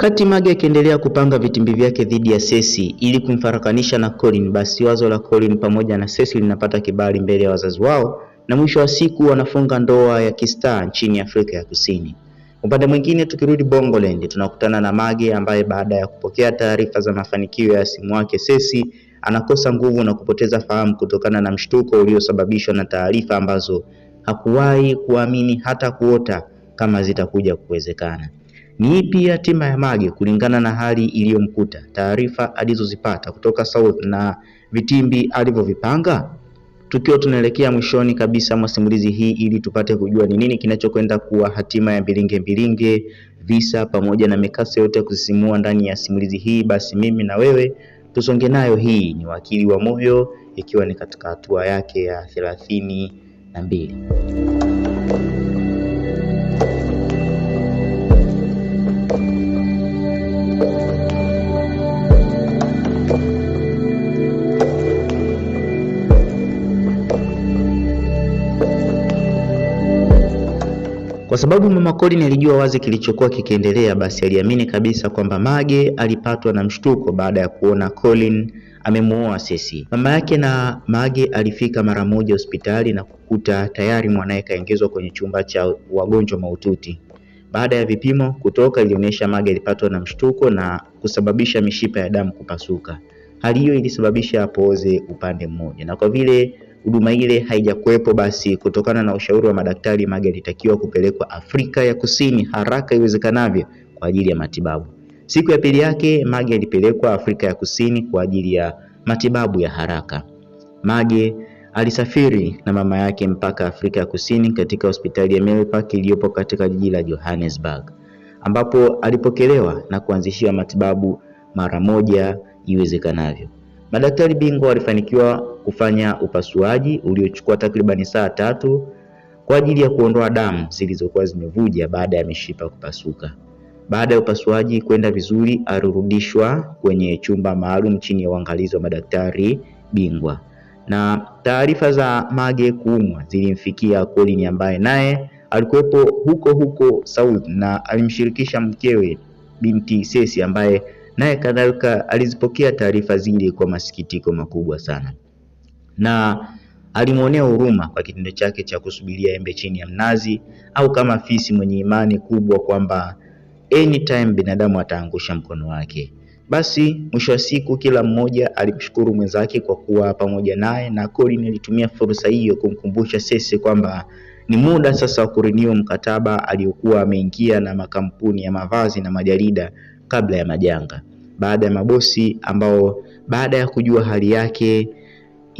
Wakati Mage akiendelea kupanga vitimbi vyake dhidi ya sesi ili kumfarakanisha na Colin, basi wazo la Colin pamoja na sesi linapata kibali mbele ya wazazi wao na mwisho wa siku wanafunga ndoa ya kistaa nchini Afrika ya Kusini. Upande mwingine, tukirudi Bongoland, tunakutana na Mage ambaye baada ya kupokea taarifa za mafanikio ya simu wake sesi anakosa nguvu na kupoteza fahamu kutokana na mshtuko uliosababishwa na taarifa ambazo hakuwahi kuamini hata kuota kama zitakuja kuwezekana. Ni ipi hatima ya Mage kulingana na hali iliyomkuta, taarifa alizozipata kutoka South na vitimbi alivyovipanga? Tukiwa tunaelekea mwishoni kabisa mwa simulizi hii, ili tupate kujua ni nini kinachokwenda kuwa hatima ya mbilinge mbilinge, visa pamoja na mikasa yote ya kusisimua ndani ya simulizi hii, basi mimi na wewe tusonge nayo. Hii ni Wakili wa moyo ikiwa ni katika hatua yake ya thelathini na mbili. Kwa sababu mama Colin alijua wazi kilichokuwa kikiendelea, basi aliamini kabisa kwamba Mage alipatwa na mshtuko baada ya kuona Colin amemuoa Sesi. Mama yake na Mage alifika mara moja hospitali na kukuta tayari mwanaye kaingizwa kwenye chumba cha wagonjwa mahututi. Baada ya vipimo kutoka, ilionyesha Mage alipatwa na mshtuko na kusababisha mishipa ya damu kupasuka. Hali hiyo ilisababisha apooze upande mmoja, na kwa vile huduma ile haijakuwepo, basi kutokana na ushauri wa madaktari, mage alitakiwa kupelekwa Afrika ya Kusini haraka iwezekanavyo kwa ajili ya matibabu. Siku ya pili yake mage alipelekwa Afrika ya Kusini kwa ajili ya matibabu ya haraka. mage alisafiri na mama yake mpaka Afrika ya Kusini katika hospitali ya Park iliyopo katika jiji la Johannesburg ambapo alipokelewa na kuanzishiwa matibabu mara moja iwezekanavyo. Madaktari bingwa walifanikiwa kufanya upasuaji uliochukua takribani saa tatu kwa ajili ya kuondoa damu zilizokuwa zimevuja baada ya mishipa kupasuka. Baada ya upasuaji kwenda vizuri, alirudishwa kwenye chumba maalum chini ya uangalizi wa madaktari bingwa, na taarifa za Mage kuumwa zilimfikia Colin ambaye naye alikuwepo huko huko South na alimshirikisha mkewe binti Sesi ambaye naye kadhalika alizipokea taarifa zile kwa masikitiko makubwa sana na alimwonea huruma kwa kitendo chake cha kusubiria embe chini ya mnazi, au kama fisi mwenye imani kubwa kwamba anytime binadamu ataangusha mkono wake. Basi mwisho wa siku, kila mmoja alimshukuru mwenzake kwa kuwa pamoja naye, na Colin alitumia fursa hiyo kumkumbusha sese kwamba ni muda sasa wa kurenew mkataba aliokuwa ameingia na makampuni ya mavazi na majarida kabla ya majanga, baada ya mabosi ambao baada ya kujua hali yake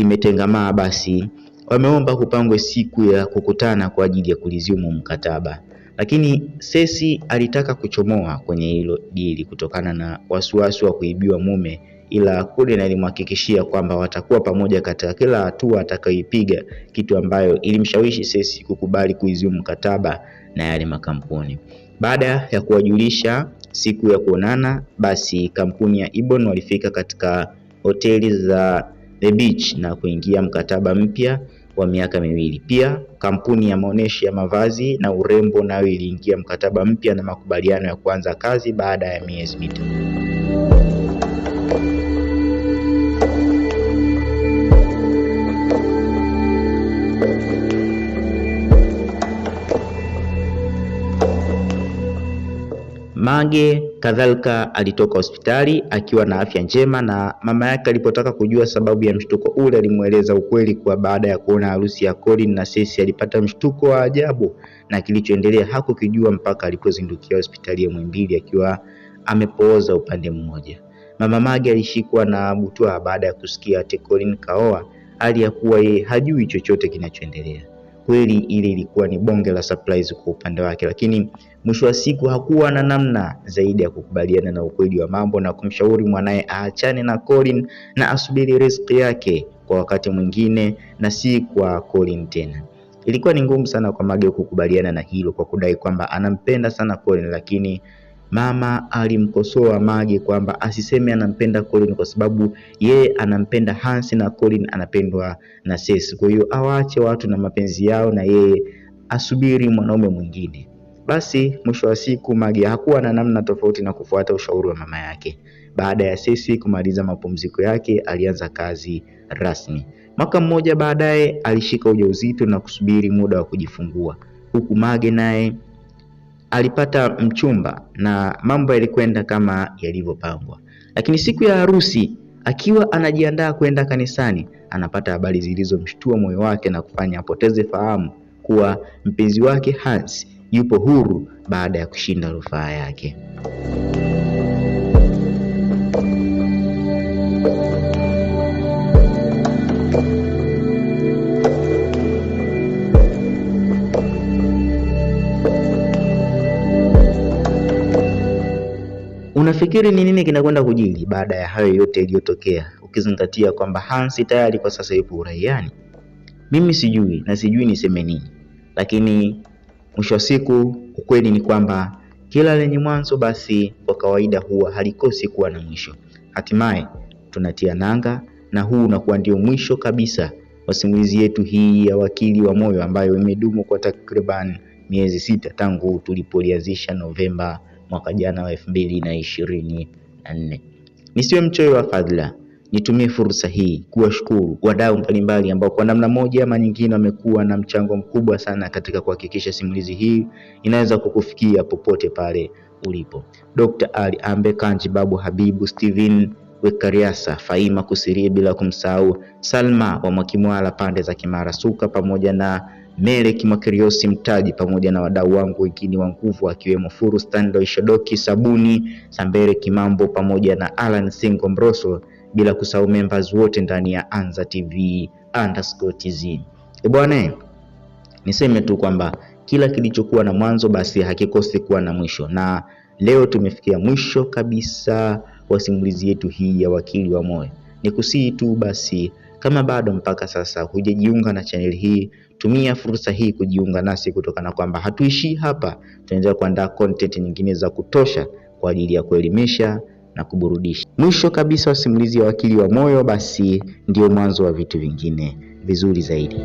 imetengamaa basi wameomba kupangwe siku ya kukutana kwa ajili ya kuliziumu mkataba, lakini Sesi alitaka kuchomoa kwenye hilo dili kutokana na wasiwasi wa kuibiwa mume, ila Cullen alimhakikishia kwamba watakuwa pamoja katika kila hatua atakayoipiga, kitu ambayo ilimshawishi Sesi kukubali kuizimu mkataba na yale makampuni. Baada ya kuwajulisha siku ya kuonana, basi kampuni ya Ibon walifika katika hoteli za The Beach na kuingia mkataba mpya wa miaka miwili. Pia kampuni ya maoneshi ya mavazi na urembo nayo iliingia mkataba mpya na makubaliano ya kuanza kazi baada ya miezi mitatu. Mange kadhalika alitoka hospitali akiwa na afya njema, na mama yake alipotaka kujua sababu ya mshtuko ule alimweleza ukweli kuwa baada ya kuona harusi ya Colin na Cecy alipata mshtuko wa ajabu, na kilichoendelea hakukijua mpaka alipozindukia hospitali ya Muhimbili akiwa amepooza upande mmoja. Mama Mage alishikwa na butwaa baada ya kusikia ati Colin kaoa, hali ya kuwa yeye hajui chochote kinachoendelea kweli ile ilikuwa ni bonge la surprise kwa upande wake, lakini mwisho wa siku hakuwa na namna zaidi ya kukubaliana na ukweli wa mambo na kumshauri mwanaye aachane na Colin na asubiri riziki yake kwa wakati mwingine na si kwa Colin tena. Ilikuwa ni ngumu sana kwa Mage kukubaliana na hilo kwa kudai kwamba anampenda sana Colin, lakini Mama alimkosoa Mage kwamba asiseme anampenda Colin kwa sababu yeye anampenda Hansi na Colin anapendwa na Cecy. Kwa hiyo awaache watu na mapenzi yao na yeye asubiri mwanaume mwingine. Basi mwisho wa siku Mage hakuwa na namna tofauti na kufuata ushauri wa mama yake. Baada ya sesi kumaliza mapumziko yake, alianza kazi rasmi. Mwaka mmoja baadaye alishika ujauzito na kusubiri muda wa kujifungua, huku Mage naye alipata mchumba na mambo yalikwenda kama yalivyopangwa. Lakini siku ya harusi, akiwa anajiandaa kwenda kanisani, anapata habari zilizomshtua moyo wake na kufanya apoteze fahamu kuwa mpenzi wake Hans yupo huru baada ya kushinda rufaa yake. Unafikiri ni nini kinakwenda kujiri baada ya hayo yote yaliyotokea, ukizingatia kwamba Hansi tayari kwa sasa yupo uraiani? Mimi sijui na sijui niseme nini, lakini mwisho wa siku ukweli ni kwamba kila lenye mwanzo basi kwa kawaida huwa halikosi kuwa na mwisho. Hatimaye tunatia nanga na huu unakuwa ndio mwisho kabisa wa simulizi yetu hii ya Wakili wa Moyo ambayo imedumu kwa takriban miezi sita tangu tulipolianzisha Novemba mwaka jana wa elfu mbili na ishirini na nne. Nisiwe mchoyo wa fadhila, nitumie fursa hii kuwashukuru wadau mbalimbali ambao kwa namna moja ama nyingine wamekuwa na mchango mkubwa sana katika kuhakikisha simulizi hii inaweza kukufikia popote pale ulipo. Dr. Ali Ambe Kanji, Babu Habibu, Steven Wekariasa, Faima Kusirie, bila kumsahau Salma wa Mwakimwala pande za Kimara Suka, pamoja na mere kimakiriosi Mtaji, pamoja na wadau wangu wengine wa nguvu akiwemo Furu Stanley Shodoki, Sabuni Sambere Kimambo, pamoja na Alan Singo Mroso, bila kusahau members wote ndani ya Anza TV underscore tz. Ebwana, niseme tu kwamba kila kilichokuwa na mwanzo basi hakikosi kuwa na mwisho, na leo tumefikia mwisho kabisa kwa simulizi yetu hii ya Wakili wa Moyo. Ni kusihi tu basi, kama bado mpaka sasa hujajiunga na chaneli hii, tumia fursa hii kujiunga nasi, kutokana kwamba hatuishii hapa. Tunaendelea kuandaa content nyingine za kutosha kwa ajili ya kuelimisha na kuburudisha. Mwisho kabisa wa simulizi ya Wakili wa Moyo, basi ndio mwanzo wa vitu vingine vizuri zaidi.